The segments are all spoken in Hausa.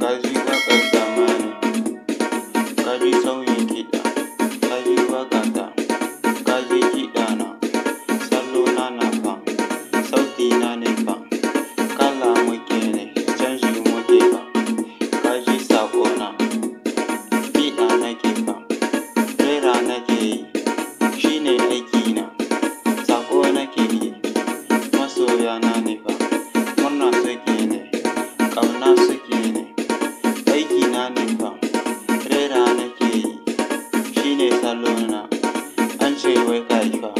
Ka ji waƙar zamani, ka ji sauyin kiɗa, ka ji waƙata, ka ji kiɗana, salona na fa, sautina ne fa, kala muke ne, canji muke fa, ka ji saƙona, kiɗa nake fa, rera nake yi. ramin kan shine salo na an wai kai fa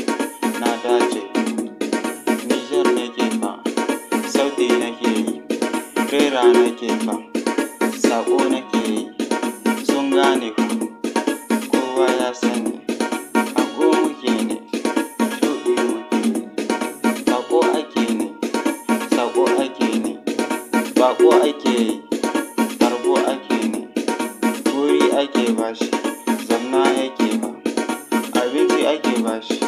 na dace Nijar nake yi rera nake ya sani ago ake wuri ake bashi, zanna yake ba abinci ake bashi,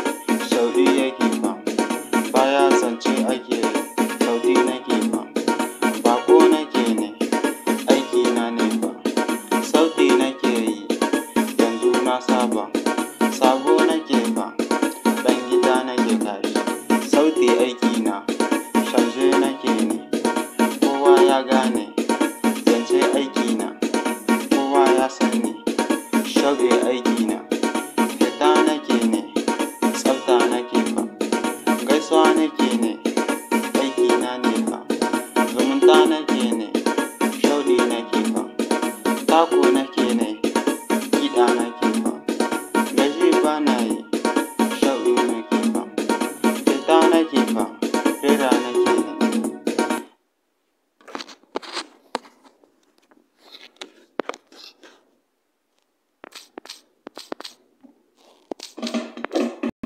shauɗi yake ba baya zance ake yi, shauɗi nake ba bako nake ne, na ne ba sauti nake yi, yanzu na saba, sabo nake ba ɗan gida nake tashi, sauti na shanje nake ne, kowa ya gane. dai aikina fita nake ne tsafta nake fa gaisuwa nake ne aikina ne fa zumunta nake ne shauɗi nake fa tako